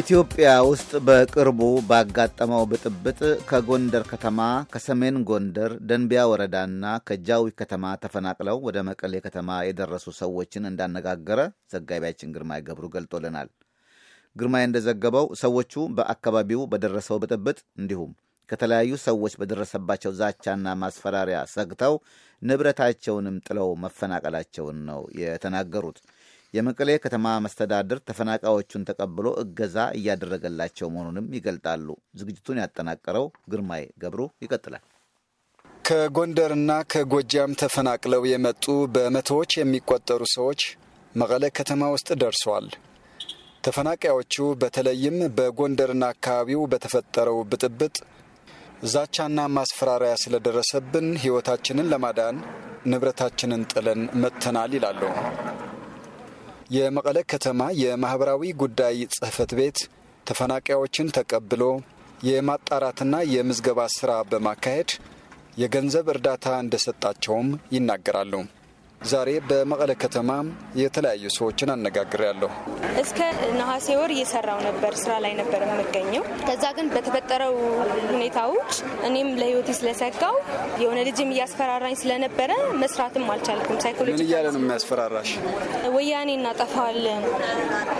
ኢትዮጵያ ውስጥ በቅርቡ ባጋጠመው ብጥብጥ ከጎንደር ከተማ ከሰሜን ጎንደር ደንቢያ ወረዳና ከጃዊ ከተማ ተፈናቅለው ወደ መቀሌ ከተማ የደረሱ ሰዎችን እንዳነጋገረ ዘጋቢያችን ግርማይ ገብሩ ገልጦልናል። ግርማይ እንደዘገበው ሰዎቹ በአካባቢው በደረሰው ብጥብጥ እንዲሁም ከተለያዩ ሰዎች በደረሰባቸው ዛቻና ማስፈራሪያ ሰግተው ንብረታቸውንም ጥለው መፈናቀላቸውን ነው የተናገሩት። የመቀሌ ከተማ መስተዳድር ተፈናቃዮቹን ተቀብሎ እገዛ እያደረገላቸው መሆኑንም ይገልጣሉ። ዝግጅቱን ያጠናቀረው ግርማይ ገብሩ ይቀጥላል። ከጎንደርና ከጎጃም ተፈናቅለው የመጡ በመቶዎች የሚቆጠሩ ሰዎች መቀለ ከተማ ውስጥ ደርሰዋል። ተፈናቃዮቹ በተለይም በጎንደርና አካባቢው በተፈጠረው ብጥብጥ ዛቻና ማስፈራሪያ ስለደረሰብን ሕይወታችንን ለማዳን ንብረታችንን ጥለን መጥተናል ይላሉ። የመቀለ ከተማ የማኅበራዊ ጉዳይ ጽሕፈት ቤት ተፈናቃዮችን ተቀብሎ የማጣራትና የምዝገባ ሥራ በማካሄድ የገንዘብ እርዳታ እንደሰጣቸውም ይናገራሉ። ዛሬ በመቀለ ከተማ የተለያዩ ሰዎችን ያለሁ እስከ ነሐሴ ወር እየሰራው ነበር፣ ስራ ላይ ነበር የምገኘው። ከዛ ግን በተፈጠረው ሁኔታዎች እኔም ለህይወቴ ስለሰጋው የሆነ ልጅም እያስፈራራኝ ስለነበረ መስራትም አልቻልኩም። ሳይኮሎጂ ምን እያለ ነው የሚያስፈራራሽ? ወያኔ እናጠፋዋለን፣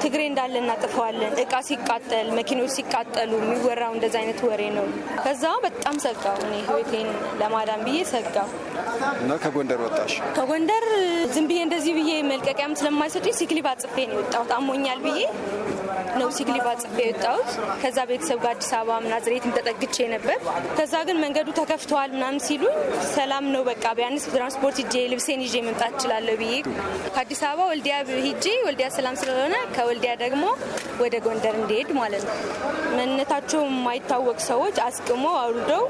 ትግሬ እንዳለ እናጠፋዋለን፣ እቃ ሲቃጠል፣ መኪኖች ሲቃጠሉ የሚወራው እንደዚ አይነት ወሬ ነው። ከዛ በጣም ሰጋው። እኔ ህይወቴን ለማዳን ብዬ ሰጋው እና ከጎንደር ወጣሽ? ከጎንደር ዝም ብዬ እንደዚህ ብዬ መልቀቂያም ስለማይሰጡኝ ሲክሊቭ አጽፌ ነው የወጣሁት። አሞኛል ብዬ ነው ሲክሊቭ አጽፌ የወጣሁት። ከዛ ቤተሰብ ጋር አዲስ አበባ ናዝሬትም ተጠግቼ ነበር። ከዛ ግን መንገዱ ተከፍተዋል ምናምን ሲሉኝ ሰላም ነው በቃ ቢያንስ ትራንስፖርት ይዤ ልብሴን ይዤ መምጣት እችላለሁ ብዬ ከአዲስ አበባ ወልዲያ ሂጄ ወልዲያ ሰላም ስለሆነ ከወልዲያ ደግሞ ወደ ጎንደር እንዲሄድ ማለት ነው። ማንነታቸው የማይታወቅ ሰዎች አስቅሞ አውርደው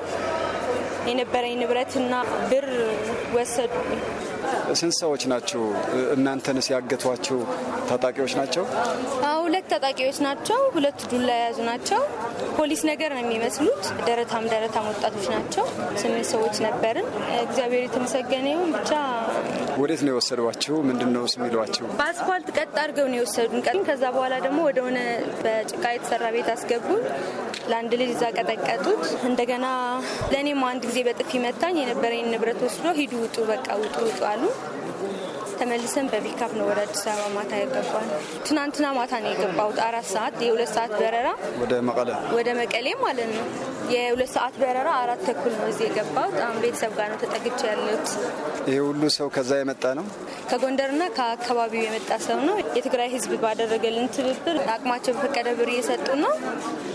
የነበረኝ ንብረትና ብር ወሰዱ። ስንት ሰዎች ናቸው እናንተን ያገቷቸው? ታጣቂዎች ናቸው? ሁለት ታጣቂዎች ናቸው። ሁለቱ ዱላ የያዙ ናቸው። ፖሊስ ነገር ነው የሚመስሉት። ደረታም ደረታም ወጣቶች ናቸው። ስምንት ሰዎች ነበርን። እግዚአብሔር የተመሰገነ ይሁን ብቻ ወዴት ነው የወሰዷቸው? ምንድን ነው የሚሏቸው? በአስፋልት ቀጥ አድርገው ነው የወሰዱን። ከዛ በኋላ ደግሞ ወደሆነ በጭቃ የተሰራ ቤት አስገቡን። ለአንድ ልጅ እዛ ቀጠቀጡት። እንደገና ለእኔም አንድ ጊዜ በጥፊ መታኝ። የነበረኝ ንብረት ወስዶ ሂዱ፣ ውጡ፣ በቃ ውጡ፣ ውጡ አሉ። ተመልሰን በፒካፕ ነው ወደ አዲስ አበባ ማታ የገባን። ትናንትና ማታ ነው የገባሁት አራት ሰዓት የሁለት ሰዓት በረራ ወደ መቀሌ ማለት ነው። የሁለት ሰዓት በረራ አራት ተኩል ነው እዚህ የገባው። በጣም ቤተሰብ ጋር ነው ተጠግቼ ያለሁት። ይህ ሁሉ ሰው ከዛ የመጣ ነው ከጎንደርና ከአካባቢው የመጣ ሰው ነው። የትግራይ ህዝብ ባደረገልን ትብብር አቅማቸው በፈቀደ ብር እየሰጡ ነው።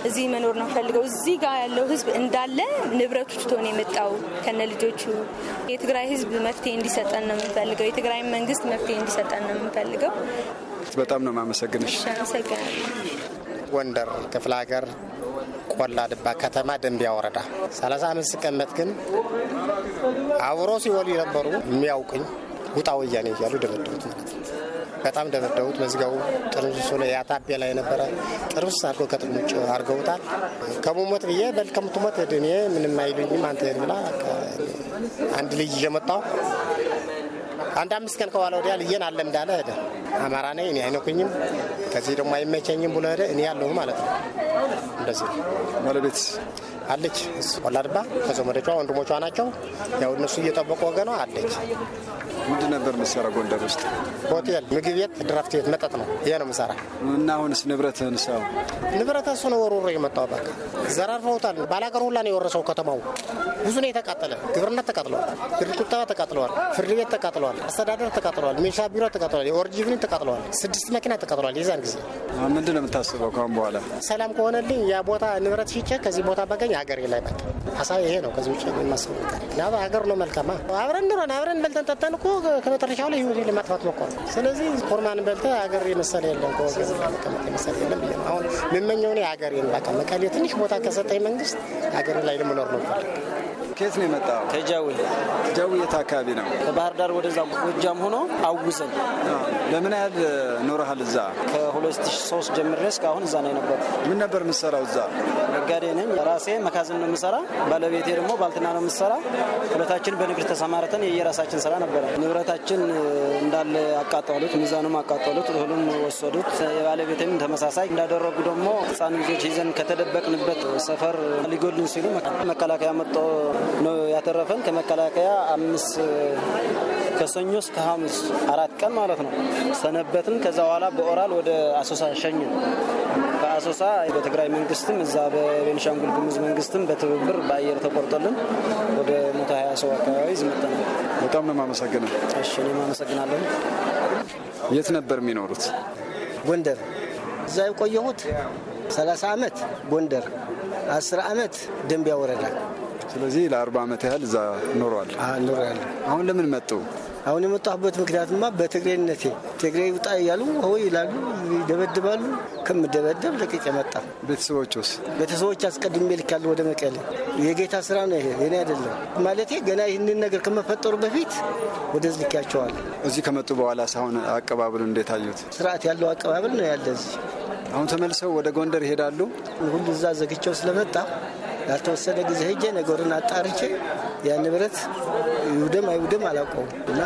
እዚህ መኖር ነው ፈልገው። እዚህ ጋር ያለው ህዝብ እንዳለ ንብረቱ ትቶ ነው የመጣው ከነ ልጆቹ። የትግራይ ህዝብ መፍትሄ እንዲሰጠን ነው የምንፈልገው። የትግራይ መንግስት መፍትሄ እንዲሰጠን ነው የምንፈልገው። በጣም ነው ማመሰግንሽ። አመሰግናለሁ። ጎንደር ክፍለ ሀገር ቆላ ድባ ከተማ ደንቢያ ወረዳ 35 አመት ስቀመጥ ግን አብሮ ሲወሉ የነበሩ የሚያውቅኝ ውጣ ወያኔ እያሉ ደበደቡት ማለት ነው። በጣም ደበደቡት። መዝገቡ ጥርሱ ላይ ያታቤ ላይ ነበረ ጥርስ አድርገው ከጥቅም ውጭ አድርገውታል። ከሙሞት ብዬ በል ከምትሞት እኔ ምንም አይሉኝም አንተ ብላ አንድ ልጅ እየመጣው አንድ አምስት ቀን ከኋላ ወዲያ ልየን አለ እንዳለ ሄደ። አማራ ነኝ እኔ አይነኩኝም ከዚህ ደግሞ አይመቸኝም ብሎ ሄደ። እኔ ያለሁ ማለት ነው እንደዚህ ባለቤት አለች። ወላድባ ከዘመዶቿ ወንድሞቿ ናቸው። ያው እነሱ እየጠበቁ ወገኗ አለች። ምንድን ነበር ምሰራ ጎንደር ውስጥ? ሆቴል፣ ምግብ ቤት፣ ድራፍት ቤት፣ መጠጥ ነው። ይሄ ነው ምሰራ። እና አሁንስ ንብረትህን ሰው ንብረት እሱ ነው ወሮሮ የመጣው በቃ ዘራርፈውታል። ባላገር ሁላ ነው የወረሰው። ከተማው ብዙ ነው የተቃጠለ። ግብርነት ተቃጥለዋል፣ ብር ቁጠባ ተቃጥለዋል፣ ፍርድ ቤት ተቃጥለዋል፣ አስተዳደር ተቃጥለዋል፣ ሚሊሻ ቢሮ ተቃጥለዋል፣ የኦርጂቭኒ ተቃጥለዋል፣ ስድስት መኪና ተቃጥለዋል። የዛን ጊዜ ምንድን ነው የምታስበው? ካሁን በኋላ ሰላም ከሆነልኝ ያ ቦታ ንብረት ሽጬ ከዚህ ቦታ ባገኝ የሀገሬ ላይ መጣ ሀሳብ ይሄ ነው። ከዚህ ውጭ የምንመስሉ ነገር ለባ ሀገር ነው መልካማ አብረን ድሮን አብረን በልተን ጠጠን እኮ ከመጨረሻው ላይ ህይወት ለማጥፋት ሞከሩ። ስለዚህ ኮርማን በልተ ሀገር የመሰለ የለም ከመቀመጥ የመሰለ የለም አሁን የምመኘውን የሀገሬን በቃ መቀሌ ትንሽ ቦታ ከሰጠኝ መንግስት ሀገሬ ላይ ልምኖር ነው ፈልግ ከየት ነው የመጣው? ከጃዊ ጃዊ የት አካባቢ ነው? ከባህር ዳር ወደዛ ጎጃም ሆኖ አውዘን። ለምን ያህል ኖረሃል እዛ? ከ2003 ጀምሬ እስከ አሁን እዛ ነው የነበሩ። ምን ነበር የምትሰራው እዛ? ነጋዴ ነኝ። ራሴ መካዝን ነው የምሰራ፣ ባለቤቴ ደግሞ ባልትና ነው የምሰራ። ሁለታችን በንግድ ተሰማርተን የየራሳችን ስራ ነበረ። ንብረታችን እንዳለ አቃጠሉት፣ ሚዛኑም አቃጠሉት፣ እህሉም ወሰዱት። የባለቤቴም ተመሳሳይ እንዳደረጉ ደግሞ ህፃን ልጆች ይዘን ከተደበቅንበት ሰፈር ሊጎልን ሲሉ መከላከያ መጦ ነው ያተረፈን። ከመከላከያ አምስት ከሰኞ እስከ ሐሙስ አራት ቀን ማለት ነው ሰነበትን። ከዛ በኋላ በኦራል ወደ አሶሳ ሸኝን። አሶሳ በትግራይ መንግስትም እዛ በቤንሻንጉል ጉሙዝ መንግስትም በትብብር በአየር ተቆርጦልን ወደ መቶ ሀያ ሰው አካባቢ ዝመጠናል። በጣም ነው የማመሰግነው። እሺ እኔም አመሰግናለሁ። የት ነበር የሚኖሩት? ጎንደር። እዛ የቆየሁት 30 ዓመት ጎንደር፣ 10 ዓመት ደንቢያ ወረዳ። ስለዚህ ለአርባ ዓመት ያህል እዛ ኖረዋል። ያለ አሁን ለምን መጡ? አሁን የመጣሁበት ምክንያትማ በትግሬነቴ ትግሬ ውጣ እያሉ ሆ ይላሉ፣ ይደበድባሉ። ከምደበደብ ለቅቄ መጣ። ቤተሰቦች ውስ ቤተሰቦች አስቀድሜ ልካለሁ ወደ መቀሌ። የጌታ ስራ ነው ይሄ፣ የኔ አይደለም ማለቴ። ገና ይህንን ነገር ከመፈጠሩ በፊት ወደዚህ ልኪያቸዋለሁ። እዚህ ከመጡ በኋላ ሳሁን አቀባበሉ እንዴት አዩት? ስርዓት ያለው አቀባበል ነው ያለ እዚህ። አሁን ተመልሰው ወደ ጎንደር ይሄዳሉ። ሁሉ እዛ ዘግቸው ስለመጣ ላልተወሰነ ጊዜ ሄጄ ነገሩን አጣርቼ ያ ንብረት ይውደም አይውደም አላውቀውም እና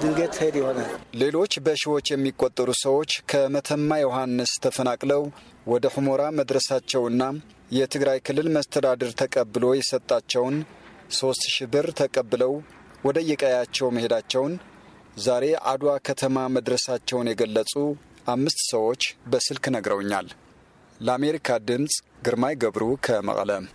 ድንገት ሄድ ይሆናል። ሌሎች በሺዎች የሚቆጠሩ ሰዎች ከመተማ ዮሐንስ ተፈናቅለው ወደ ሁሞራ መድረሳቸውና የትግራይ ክልል መስተዳድር ተቀብሎ የሰጣቸውን ሶስት ሺህ ብር ተቀብለው ወደ የቀያቸው መሄዳቸውን ዛሬ አድዋ ከተማ መድረሳቸውን የገለጹ አምስት ሰዎች በስልክ ነግረውኛል። ለአሜሪካ ድምፅ ግርማይ ገብሩ ከመቀለም።